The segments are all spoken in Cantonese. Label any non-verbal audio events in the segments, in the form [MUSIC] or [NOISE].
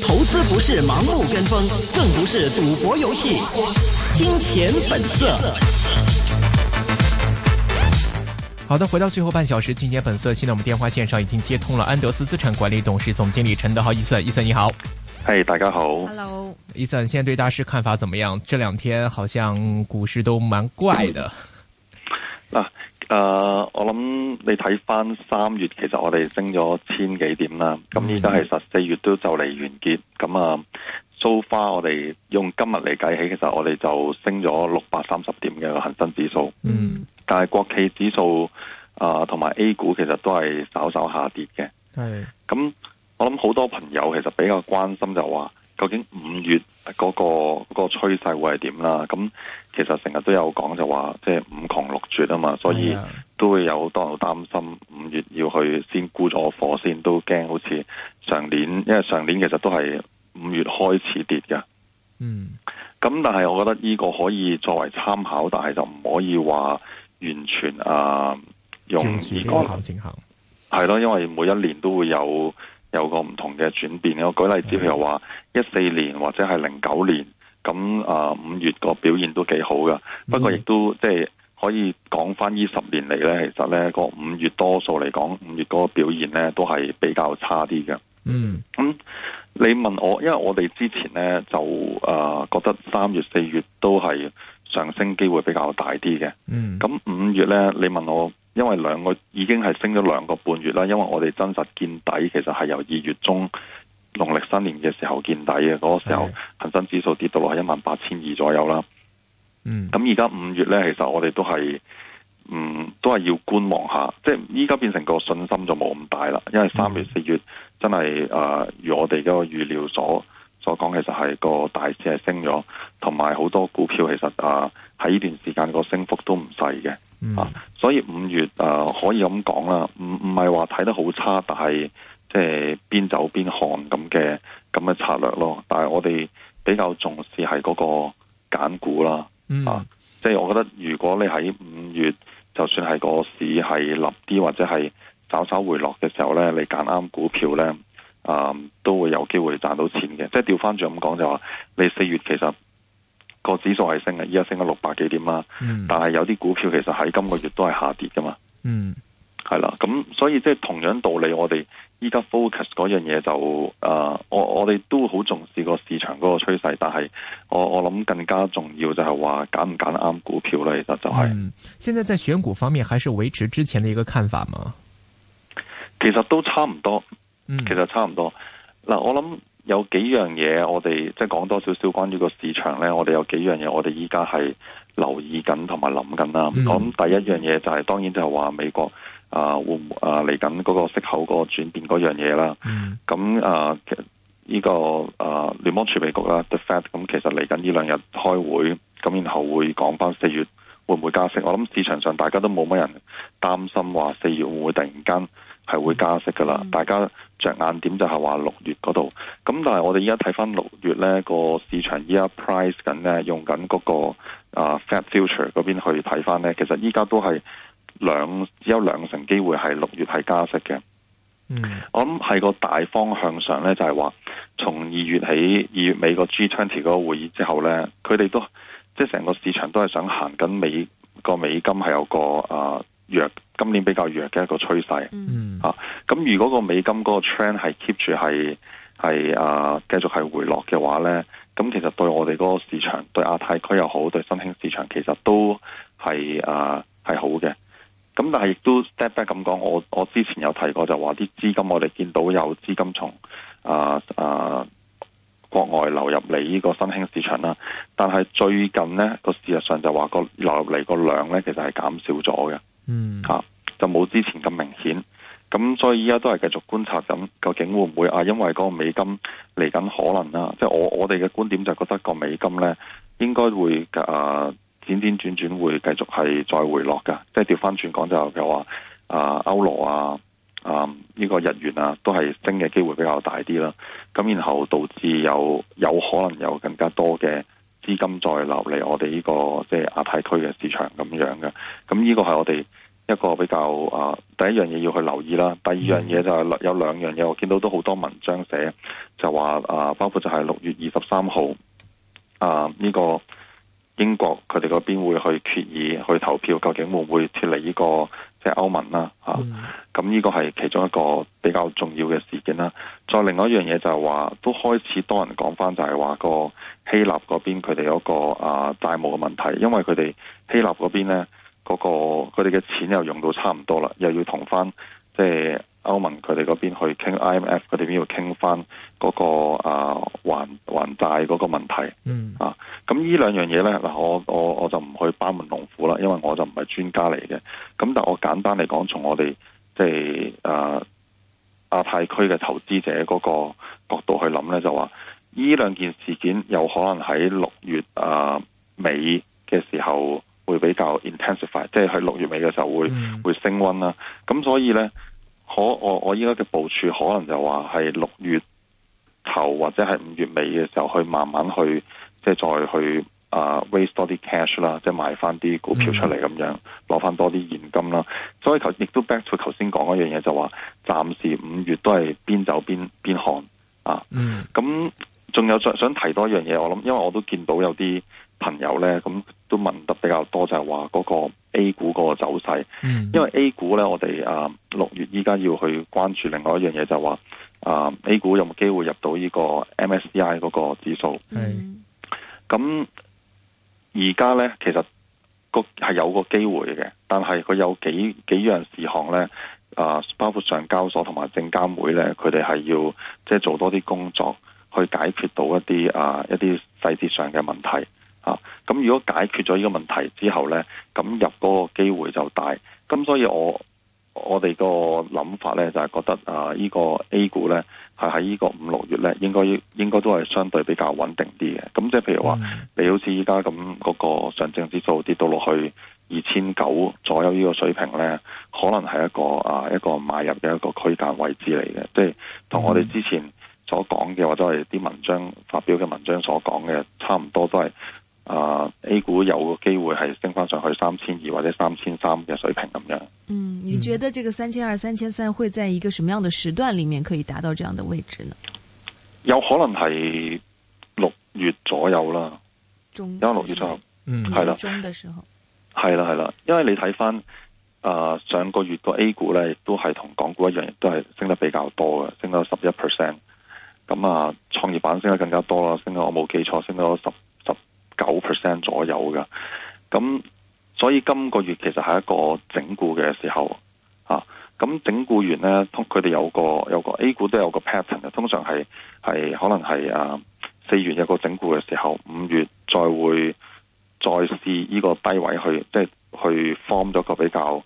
投資不是盲目跟風，更不是賭博遊戲。金錢本色。好的，回到最後半小時，金錢本色。現在我們電話線上已經接通了安德斯資產管理董事總經理陳德豪。Ethan，Ethan 你好。嗨，大家好。Hello，Ethan，現在對大市看法怎麼樣？這兩天好像股市都蠻怪的。啊。誒，uh, 我諗你睇翻三月，其實我哋升咗千幾點啦。咁依家係十四月都就嚟完結。咁啊、uh,，so far，我哋用今日嚟計起，其實我哋就升咗六百三十點嘅恒生指數。嗯，但係國企指數啊，同、呃、埋 A 股其實都係稍稍下跌嘅。係嘅，咁我諗好多朋友其實比較關心就話。究竟五月嗰個嗰個趨勢會係點啦？咁其實成日都有講就話，即係五窮六絕啊嘛，所以都會有好多人擔心五月要去先沽咗貨先，都驚好似上年，因為上年其實都係五月開始跌嘅。嗯，咁但係我覺得呢個可以作為參考，但係就唔可以話完全啊用以嗰個行情行。係咯，因為每一年都會有。有個唔同嘅轉變，我舉例子，譬如話一四年或者係零九年，咁啊五月個表現都幾好噶。不過亦都即係、就是、可以講翻呢十年嚟，呢，其實呢個五月多數嚟講，五月嗰個表現呢都係比較差啲嘅。嗯，咁你問我，因為我哋之前呢就啊覺得三月四月都係上升機會比較大啲嘅。嗯，咁五月呢，你問我。因為兩個已經係升咗兩個半月啦，因為我哋真實見底，其實係由二月中農曆新年嘅時候見底嘅，嗰個時候恆生指數跌到落係一萬八千二左右啦。咁而家五月呢，其實我哋都係，嗯，都係要觀望下，即係依家變成個信心就冇咁大啦。因為三月、四月、嗯、真係誒、呃，如我哋嗰個預料所所講，其實係、個大市係升咗，同埋好多股票其實誒喺呢段時間個升幅都唔細嘅。啊，嗯、所以五月啊、呃、可以咁講啦，唔唔係話睇得好差，但係即係邊走邊看咁嘅咁嘅策略咯。但係我哋比較重視係嗰個揀股啦，嗯、啊，即係我覺得如果你喺五月就算係個市係立啲或者係稍稍回落嘅時候咧，你揀啱股票咧，啊、嗯、都會有機會賺到錢嘅。即係掉返轉咁講就話，你四月其實。個指數係升嘅，依家升咗六百幾點啦。嗯、但係有啲股票其實喺今個月都係下跌噶嘛。嗯，係啦。咁所以即係同樣道理，我哋依家 focus 嗰樣嘢就誒、呃，我我哋都好重視個市場嗰個趨勢。但係我我諗更加重要就係話揀唔揀啱股票呢？其實就係、是。嗯，現在在選股方面還是維持之前的一個看法嗎？其實都差唔多。其實差唔多。嗱、嗯，我諗。有幾樣嘢我哋即係講多少少關於個市場咧，我哋有幾樣嘢我哋依家係留意緊同埋諗緊啦。咁、mm hmm. 第一樣嘢就係、是、當然就係話美國啊會唔會啊嚟緊嗰個息口嗰個轉變嗰樣嘢啦。咁、mm hmm. 啊依、這個啊聯邦儲備局啦，The Fed 咁其實嚟緊呢兩日開會，咁然後會講翻四月會唔會加息。我諗市場上大家都冇乜人擔心話四月會唔會突然間係會加息噶啦，嗯、大家着眼點就係話六月嗰度。咁但係我哋依家睇翻六月咧，個市場依家 price 緊咧，用緊嗰、嗰個啊、uh, future 嗰邊去睇翻咧，其實依家都係兩只有兩成機會係六月係加息嘅。嗯、我諗係個大方向上咧，就係、係、話從二月起，二月美國 G20 嗰個會議之後咧，佢哋都即係成個市場都係想行緊美個美金係有個啊。Uh, 弱今年比較弱嘅一個趨勢，嗯啊，咁如果個美金嗰個 trend 係 keep 住係係啊繼續係回落嘅話咧，咁其實對我哋嗰個市場，對亞太區又好，對新興市場其實都係啊係好嘅。咁但係亦都 step back 咁講，我我之前有提過就話啲資金，我哋見到有資金從啊啊國外流入嚟呢個新興市場啦。但係最近咧個事實上就話個流入嚟個量咧，其實係減少咗嘅。嗯，吓、啊、就冇之前咁明顯，咁所以依家都係繼續觀察緊，究竟會唔會啊？因為個美金嚟緊可能啦，即係我我哋嘅觀點就覺得個美金咧應該會誒，點點轉轉會繼續係再回落噶，即係調翻轉講就嘅話，啊歐羅啊，啊呢、這個日元啊都係升嘅機會比較大啲啦，咁然後導致有有可能有更加多嘅。資金再流嚟我哋呢個即係亞太區嘅市場咁樣嘅，咁呢個係我哋一個比較啊、呃、第一樣嘢要去留意啦，第二樣嘢就係有兩樣嘢，我見到都好多文章寫就話啊、呃，包括就係六月二十三號啊呢個英國佢哋嗰邊會去決議去投票，究竟會唔會脫離呢、呢個？即歐盟啦嚇，咁、啊、呢、嗯、個係其中一個比較重要嘅事件啦。再另外一樣嘢就係話，都開始多人講翻，就係話個希臘嗰邊佢哋嗰個啊債務嘅問題，因為佢哋希臘嗰邊咧嗰個佢哋嘅錢又用到差唔多啦，又要同翻即係。歐盟佢哋嗰邊去傾，IMF 佢哋邊度傾返嗰個啊，還還債嗰個問題。嗯、mm. 啊，咁呢兩樣嘢咧，嗱我我我就唔去班門弄斧啦，因為我就唔係專家嚟嘅。咁但係我簡單嚟講，從我哋即係啊亞太區嘅投資者嗰個角度去諗咧，就話呢兩件事件有可能喺六月啊尾嘅時候會比較 intensified 即係喺六月尾嘅時候會、mm. 會升溫啦。咁、啊、所以咧。我我我依家嘅部署可能就話係六月頭或者係五月尾嘅時候去慢慢去即係再去啊、uh, raise 多啲 cash 啦，即係賣翻啲股票出嚟咁樣，攞翻多啲現金啦。所以頭亦都 back to 頭先講嗰樣嘢，就話暫時五月都係邊走邊邊看啊。嗯、mm.，咁仲有再想提多一樣嘢，我諗因為我都見到有啲朋友咧，咁都問得比較多，就係話嗰個。A 股個走勢，因為 A 股咧，我哋啊六月依家要去關注另外一樣嘢，就係話、是、啊、呃、A 股有冇機會入到呢個 MSCI 嗰個指數？咁而家咧，其實個係有個機會嘅，但係佢有幾幾樣事項咧啊，包括上交所同埋證監會咧，佢哋係要即係做多啲工作去解決到一啲啊、呃、一啲細節上嘅問題。啊，咁如果解決咗呢個問題之後呢，咁入嗰個機會就大。咁所以我我哋個諗法呢，就係覺得啊，呢個 A 股呢，係喺呢個五六月呢，應該應該都係相對比較穩定啲嘅。咁即係譬如話，嗯、你好似依家咁嗰個上證指數跌到落去二千九左右呢個水平呢，可能係一個啊一個買入嘅一個區間位置嚟嘅。即係同我哋之前所講嘅或者係啲文章發表嘅文章所講嘅差唔多都係。啊、uh，A 股有個機會係升翻上去三千二或者三千三嘅水平咁樣。嗯，你覺得這個三千二、三千三會在一個什麼樣的時段裏面可以達到這樣的位置呢？有可能係六月左右啦，中，就是，因為六月左右，係啦，嗯啊、中嘅時候，係啦係啦，因為你睇翻，啊、呃，上個月個 A 股咧都係同港股一樣，都係升得比較多嘅，升到十一 percent。咁啊，創業板升得更加多啦，升到我冇記錯，升到十九 percent 左右嘅，咁所以今個月其實係一個整固嘅時候啊，咁整固完咧，通佢哋有個有個 A 股都有個 pattern 嘅，通常係係可能係啊四月有個整固嘅時候，五月再會再試呢個低位去，即係去 form 咗個比較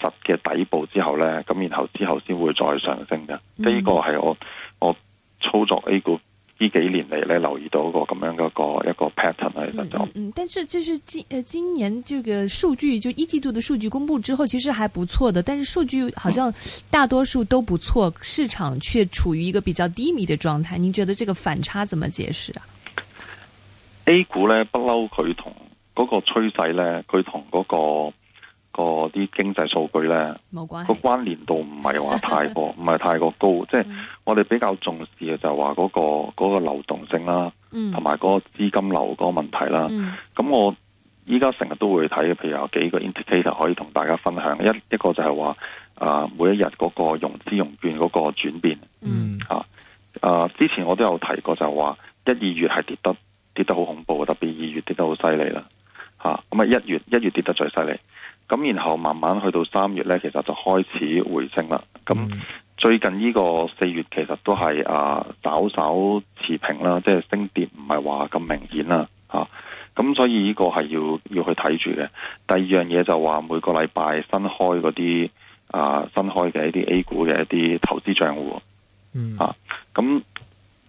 實嘅底部之後咧，咁然後之後先會再上升嘅，即係呢、嗯、個係我我操作 A 股。呢幾年嚟，咧留意到一個咁樣一個一個 pattern 喺度，嗯，但係就是今誒、呃、今年這個數據就一季度嘅數據公布之後，其實還不錯的，但是數據好像大多數都不錯，市場卻處於一個比較低迷的狀態，你覺得這個反差怎麼解釋啊？A 股呢，不嬲佢同嗰個趨勢呢，佢同嗰個。個啲經濟數據咧，個關聯度唔係話太過，唔係 [LAUGHS] 太過高，即係我哋比較重視嘅就係話嗰個嗰個流動性啦，同埋嗰個資金流嗰個問題啦。咁、嗯、我依家成日都會睇，譬如有幾個 indicator 可以同大家分享一一個就係話啊，每一日嗰個融資融券嗰個轉變，嗯、啊啊，之前我都有提過就係話一二月係跌得跌得好恐怖，特別二月跌得好犀利啦，吓咁啊，一月一月，一月跌得最犀利。咁然後慢慢去到三月咧，其實就開始回升啦。咁、嗯、最近呢個四月其實都係啊稍稍持平啦，即係升跌唔係話咁明顯啦，吓、啊。咁所以呢個係要要去睇住嘅。第二樣嘢就話每個禮拜新開嗰啲啊新開嘅一啲 A 股嘅一啲投資賬戶，嗯、啊咁。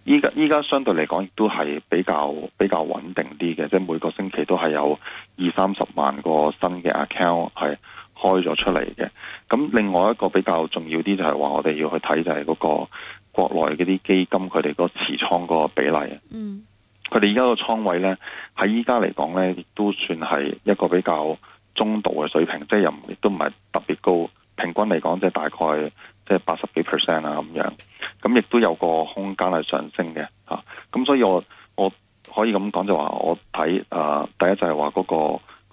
依家依家相對嚟講，亦都係比較比較穩定啲嘅，即係每個星期都係有二三十萬個新嘅 account 係開咗出嚟嘅。咁另外一個比較重要啲就係話，我哋要去睇就係嗰個國內嗰啲基金佢哋個持倉個比例。嗯，佢哋而家個倉位咧，喺依家嚟講咧，亦都算係一個比較中度嘅水平，即係又亦都唔係特別高。平均嚟講，即係大概即係八十幾 percent 啊咁樣。咁亦、嗯、都有個空間係上升嘅，嚇、啊！咁所以我我可以咁講就話，我睇誒第一就係話嗰個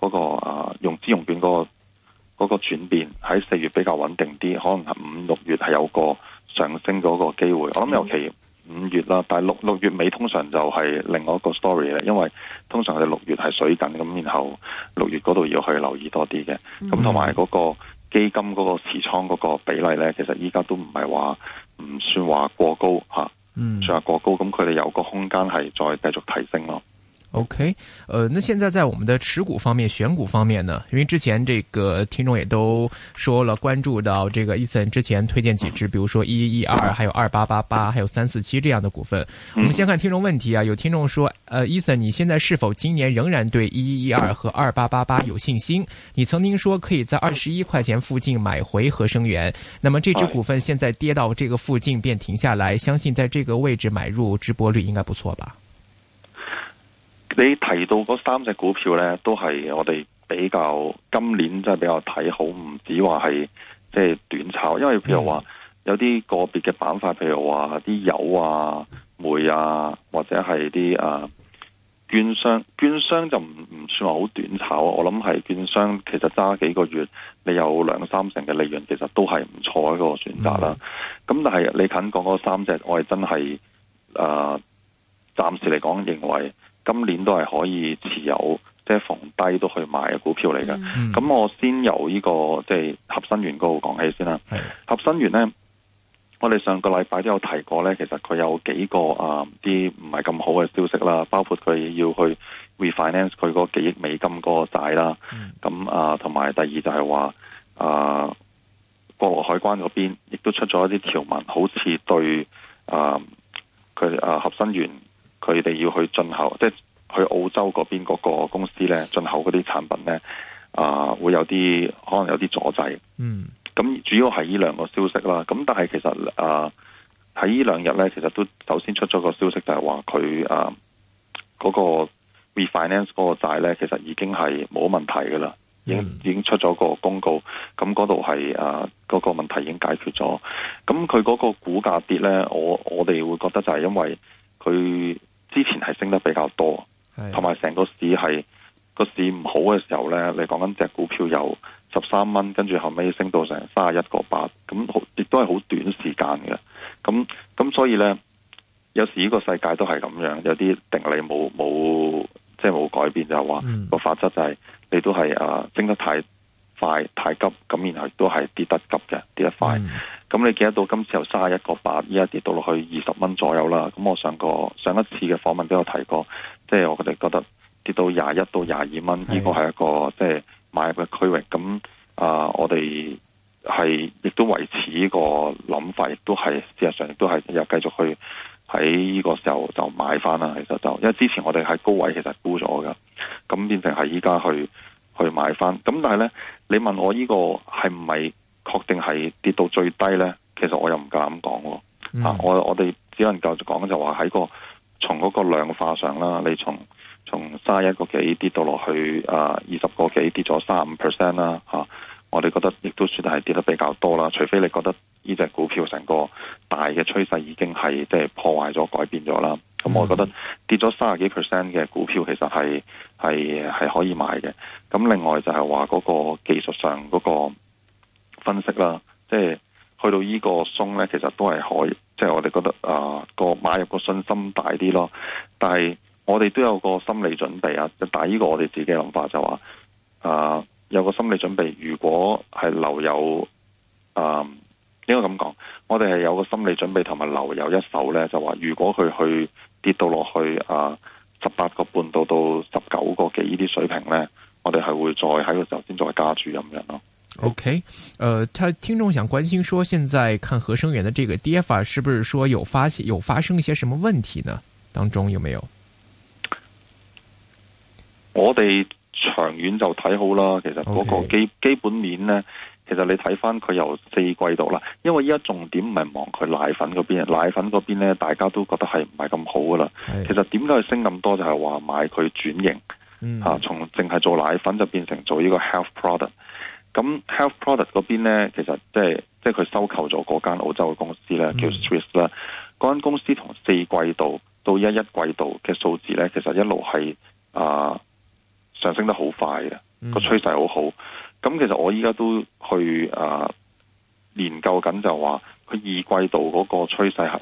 嗰、嗰個啊融資融券嗰、嗰個嗰、嗰個轉變喺四月比較穩定啲，可能係五六月係有個上升嗰個機會。嗯、我諗尤其五月啦，但係六六月尾通常就係另外一個 story 咧，因為通常係六月係水緊咁，然後六月嗰度要去留意多啲嘅。咁同埋嗰個基金嗰個持倉嗰個比例咧，其實依家都唔係話。唔算話過高吓，嗯，算話過高，咁佢哋有個空間係再繼續提升咯。OK，呃，那現在在我們的持股方面、選股方面呢？因為之前這個聽眾也都說了，關注到這個伊、e、森之前推薦幾支，比如說一一一二，還有二八八八，還有三四七這樣的股份。我們先看聽眾問題啊，有聽眾說，呃，伊森，你現在是否今年仍然對一一一二和二八八八有信心？你曾經說可以在二十一塊錢附近買回合生元，那麼這支股份現在跌到這個附近便停下來，相信在這個位置買入，值博率應該不錯吧？你提到嗰三隻股票咧，都係我哋比較今年真係比較睇好，唔止話係即係短炒，因為譬如話有啲個別嘅板塊，譬如話啲油啊、煤啊，或者係啲啊券商，券商就唔唔算話好短炒。啊，我諗係券商其實揸幾個月，你有兩三成嘅利潤，其實都係唔錯一個選擇啦。咁、嗯、但係你近講嗰三隻，我係真係誒、啊、暫時嚟講認為。今年都係可以持有，即係逢低都去買嘅股票嚟嘅。咁、mm hmm. 我先由呢、這個即係、就是、合生元嗰度講起先啦。Mm hmm. 合生元呢，我哋上個禮拜都有提過呢，其實佢有幾個啊啲唔係咁好嘅消息啦，包括佢要去 refinance 佢個幾億美金個債啦。咁啊、mm，同、hmm. 埋、呃、第二就係話啊，過、呃、海關嗰邊亦都出咗一啲條文，mm hmm. 好似對啊佢啊合生元。佢哋要去進口，即係去澳洲嗰邊嗰個公司咧進口嗰啲產品咧，啊、呃、會有啲可能有啲阻滯。嗯，咁主要係呢兩個消息啦。咁但係其實啊喺、呃、呢兩日咧，其實都首先出咗個消息就，就係話佢啊嗰個 refinance 嗰個債咧，其實已經係冇問題噶啦，已經、嗯、已經出咗個公告。咁嗰度係啊嗰個問題已經解決咗。咁佢嗰個股價跌咧，我我哋會覺得就係因為佢。之前係升得比較多，同埋成個市係個市唔好嘅時候呢，你講緊隻股票由十三蚊，跟住後尾升到成三十一個八，咁亦都係好短時間嘅。咁咁所以呢，有時呢個世界都係咁樣，有啲定理冇冇即係冇改變，就係話個法則就係、嗯、你都係啊升得太快太急，咁然後都係跌得急嘅跌得快。嗯咁你記得到今次由三十一個八依家跌到落去二十蚊左右啦。咁我上個上一次嘅訪問都有提過，即係我哋覺得跌到廿一到廿二蚊，呢的個係一個即係買入嘅區域。咁啊、呃，我哋係亦都維持依個諗法，亦都係事實上亦都係又繼續去喺呢個時候就買翻啦。其實就因為之前我哋喺高位其實沽咗噶，咁變成係依家去去買翻。咁但係咧，你問我呢個係唔係，確定係跌到最低呢？其實我又唔敢講喎、嗯啊呃啊。啊，我我哋只能夠講就話喺個從嗰個量化上啦，你從從卅一個幾跌到落去啊二十個幾跌咗三十五 percent 啦嚇，我哋覺得亦都算係跌得比較多啦。除非你覺得呢隻股票成個大嘅趨勢已經係即係破壞咗改變咗啦，咁、嗯、我覺得跌咗三十幾 percent 嘅股票其實係係係可以買嘅。咁另外就係話嗰個技術上嗰、那個分析啦，即係去到依個松咧，其實都係可以，即係我哋覺得啊，個、呃、買入個信心大啲咯。但係我哋都有個心理準備啊，但係依個我哋自己嘅諗法就話、是、啊、呃，有個心理準備，如果係留有啊、呃，應該咁講，我哋係有個心理準備同埋留有一手咧，就話如果佢去跌到落去啊十八個半到到十九個幾呢啲水平咧，我哋係會再喺個時候先再加注咁樣咯。OK，誒、呃，佢聽眾想關心，說現在看合生元的這個跌法，是不是說有發現有發生一些什麼問題呢？當中有冇有？我哋長遠就睇好啦，其實嗰個基基本面呢，其實你睇翻佢由四季度啦，因為依家重點唔係望佢奶粉嗰邊，奶粉嗰邊呢，大家都覺得係唔係咁好噶啦。其實點解佢升咁多就係、是、話買佢轉型，吓、啊、從淨係做奶粉就變成做呢個 health product。咁 health product 嗰邊咧，其實即係即係佢收購咗嗰間澳洲嘅公司咧，叫 Swiss 啦。嗰間公司從四季度到一一季度嘅數字咧，其實一路係啊上升得好快嘅，個、mm. 趨勢好好。咁其實我依家都去啊、呃、研究緊，就話佢二季度嗰個趨勢係啊，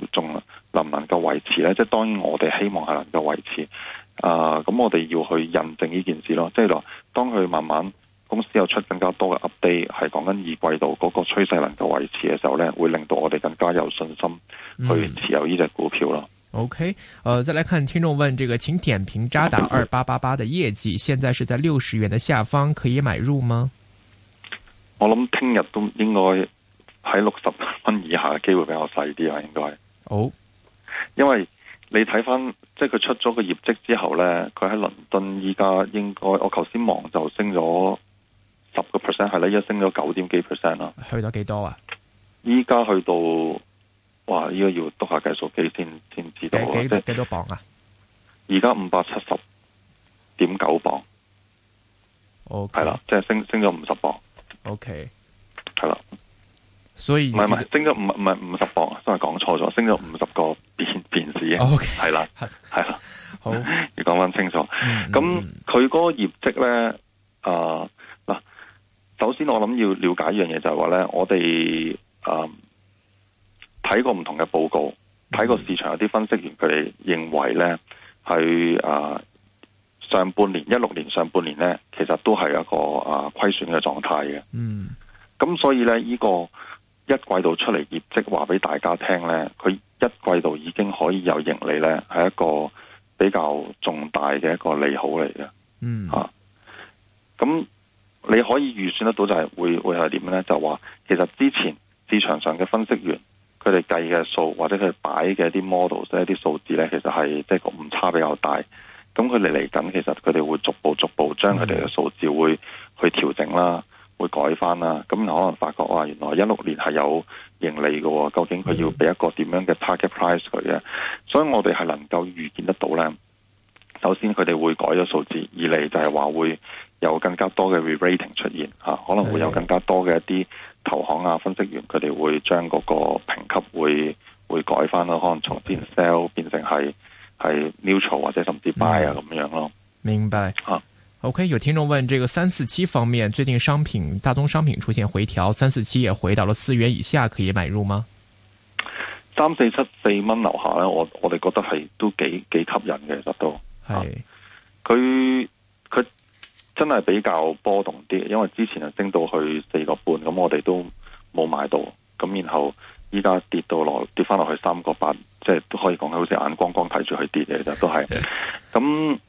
能唔能夠維持咧？即係當然我哋希望係能夠維持。啊、呃，咁我哋要去印證呢件事咯，即係話當佢慢慢。公司有出更加多嘅 update，係講緊二季度嗰、那個趨勢能夠維持嘅時候咧，會令到我哋更加有信心去持有呢隻股票咯、嗯。OK，誒、呃，再嚟，看聽眾問，這個請點評渣打二八八八的業績，現在是在六十元的下方可以買入嗎？我諗聽日都應該喺六十蚊以下嘅機會比較細啲啊，應該係，oh. 因為你睇翻即係佢出咗個業績之後咧，佢喺倫敦依家應該我頭先望就升咗。十個 percent 係咧，依家升咗九點幾 percent 咯。去咗幾多啊？依家去到，哇！依家要篤下計數機先先知道。幾幾，幾多磅啊？而家五百七十點九磅。OK，係啦，即係升升咗五十磅。OK，係啦的。所以唔係唔係升咗五唔係五十磅，真係講錯咗，升咗五十個便便士。OK，係啦係啦， [LAUGHS] 好，你講翻清楚。咁佢嗰個業績咧，啊、呃。首先，我諗要了解一樣嘢就係話咧，我哋啊睇過唔同嘅報告，睇過市場有啲分析員佢哋認為咧係啊上半年一六年上半年咧，其實都係一個啊、呃、虧損嘅狀態嘅。嗯。咁所以咧，呢、這個一季度出嚟業績話俾大家聽咧，佢一季度已經可以有盈利咧，係一個比較重大嘅一個利好嚟嘅。嗯。吓、啊，咁。你可以預算得到就係會會係點咧？就話其實之前市場上嘅分析員佢哋計嘅數或者佢擺嘅啲 model 即係一啲數字咧，其實係即係個誤差比較大。咁佢哋嚟緊其實佢哋會逐步逐步將佢哋嘅數字會去調整啦，會改翻啦。咁可能發覺哇、啊，原來一六年係有盈利嘅喎，究竟佢要俾一個點樣嘅 target price 佢嘅？所以我哋係能夠預見得到啦。首先佢哋會改咗數字，二嚟就係話會有更加多嘅 re-rating 出現吓、啊，可能會有更加多嘅一啲投行啊、分析員佢哋會將嗰個評級會會改翻咯，可能從偏 sell 變成係係 neutral 或者甚至 buy 啊咁樣咯。明白好。啊、O.K. 有聽眾問：，這個三四七方面最近商品、大宗商品出現回調，三四七也回到了四元以下，可以買入嗎？三四七四蚊樓下咧，我我哋覺得係都幾幾吸引嘅，其實都。係佢佢真係比較波動啲，因為之前係升到去四個半，咁我哋都冇買到咁。然後依家跌到落跌翻落去三個八，即係都可以講，好似眼光光睇住佢跌嘅，其實都係咁。 [LAUGHS]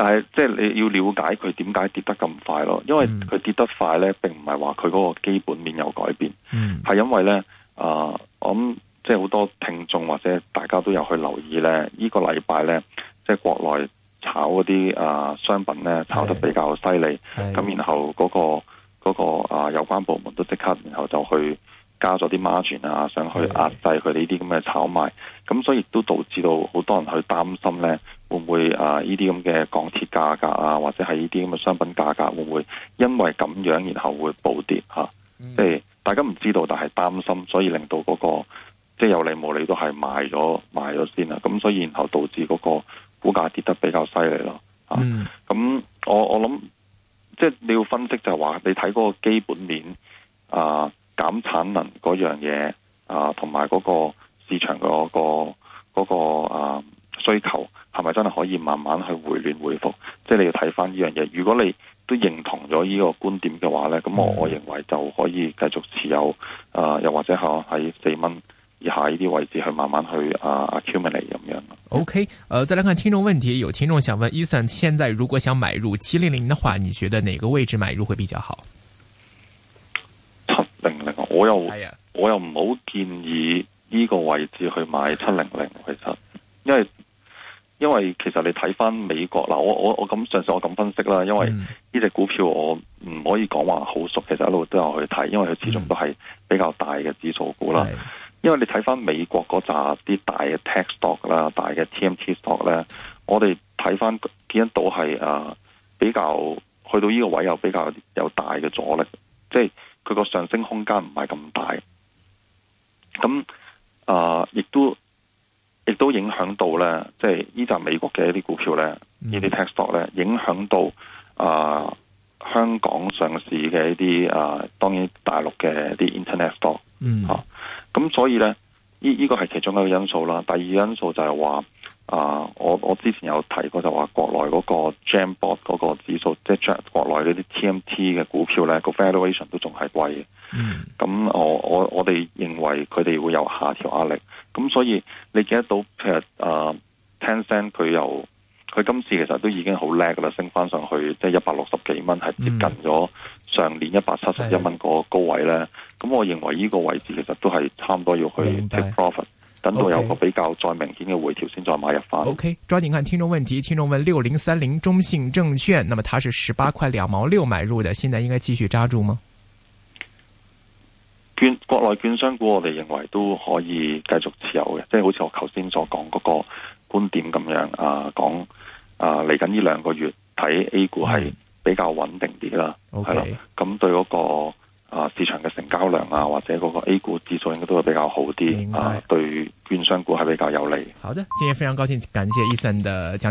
但係即係你要了解佢點解跌得咁快咯？因為佢跌得快咧，並唔係話佢嗰個基本面有改變，係 [LAUGHS] 因為咧啊、呃，我諗即係好多聽眾或者大家都有去留意咧，這個、呢個禮拜咧。即係國內炒嗰啲啊商品咧炒得比較犀利，咁 Yes. 然後嗰、嗰個啊、嗰個、有關部門都即刻，然後就去加咗啲 margin 啊，想去壓制佢哋呢啲咁嘅炒賣，咁 Yes. 所以都導致到好多人去擔心咧，會唔會啊呢啲咁嘅鋼鐵價格啊，或者係呢啲咁嘅商品價格會唔會因為咁樣然後會暴跌嚇？即係、mm. 大家唔知道，但係擔心，所以令到嗰、嗰個即係、即係、有理無理都係賣咗賣咗先啊，咁所以然後導致嗰、嗰個。股價跌得比較犀利咯，啊、嗯、咁、嗯、我我諗即係你要分析就係話你睇嗰個基本面啊減產能嗰樣嘢啊，同埋嗰個市場嗰、嗰個嗰、嗰個啊需求係咪真係可以慢慢去回暖回復？即係你要睇翻呢樣嘢。如果你都認同咗呢個觀點嘅話咧，咁我、嗯、我認為就可以繼續持有啊，又或者係喺四蚊。啊以下呢啲位置去慢慢去啊、uh, accumulate 咁樣 OK，誒、呃，再來看聽眾問題，有聽眾想問，Ethan，現在如果想買入七零零的話，你覺得哪個位置買入會比較好？七零零，我又、哎、呀我又唔好建議呢個位置去買七零零，其實因為因為其實你睇翻美國嗱，我我我咁上述我咁分析啦，因為呢、嗯、隻股票我唔可以講話好熟，其實一路都有去睇，因為佢始終都係比較大嘅指數股啦。嗯嗯因為你睇翻美國嗰扎啲大嘅 tech stock 啦，大嘅 TMT stock 咧，我哋睇翻見到係啊比較去到呢個位又比較有大嘅阻力，即係佢個上升空間唔係咁大。咁啊，呃，亦都亦都影響到咧，即係呢紮美國嘅一啲股票咧，呢啲 tech stock 咧，影響到啊香港上市嘅一啲啊，當然大陸嘅啲 internet stock，嗯。啊咁所以咧，呢、這、依個係其中一個因素啦。第二個因素就係話啊，我我之前有提過就話國內嗰個 Jambot 嗰個指數，即係國內嗰啲 TMT 嘅股票咧，個 valuation 都仲係貴嘅。咁、嗯、我我我哋認為佢哋會有下調壓力。咁所以你記得到譬如啊、呃、Tencent 佢又佢今次其實都已經好叻㗎喇，升返上去即係一百六十幾蚊，係、就是、接近咗上年一百七十一蚊個高位咧。咁我認為呢個位置其實都係差唔多要去 take profit，okay. 等到有個比較再明顯嘅回調先再買入翻。OK，抓緊看聽眾問題，聽眾問六零三零中信證券，那麼它是十八塊兩毛六買入的，現在應該繼續揸住嗎？券國內券商股，我哋認為都可以繼續持有嘅，即係好似我頭先所講嗰個觀點咁樣啊，講啊嚟緊呢兩個月睇 A 股係比較穩定啲啦，係咯，咁，okay. 對嗰個。啊，市場嘅成交量啊，或者嗰個 A 股指數應該都會比較好啲白啊，對券商股係比較有利。好的，今日非常高興，感謝 Ethan 嘅講。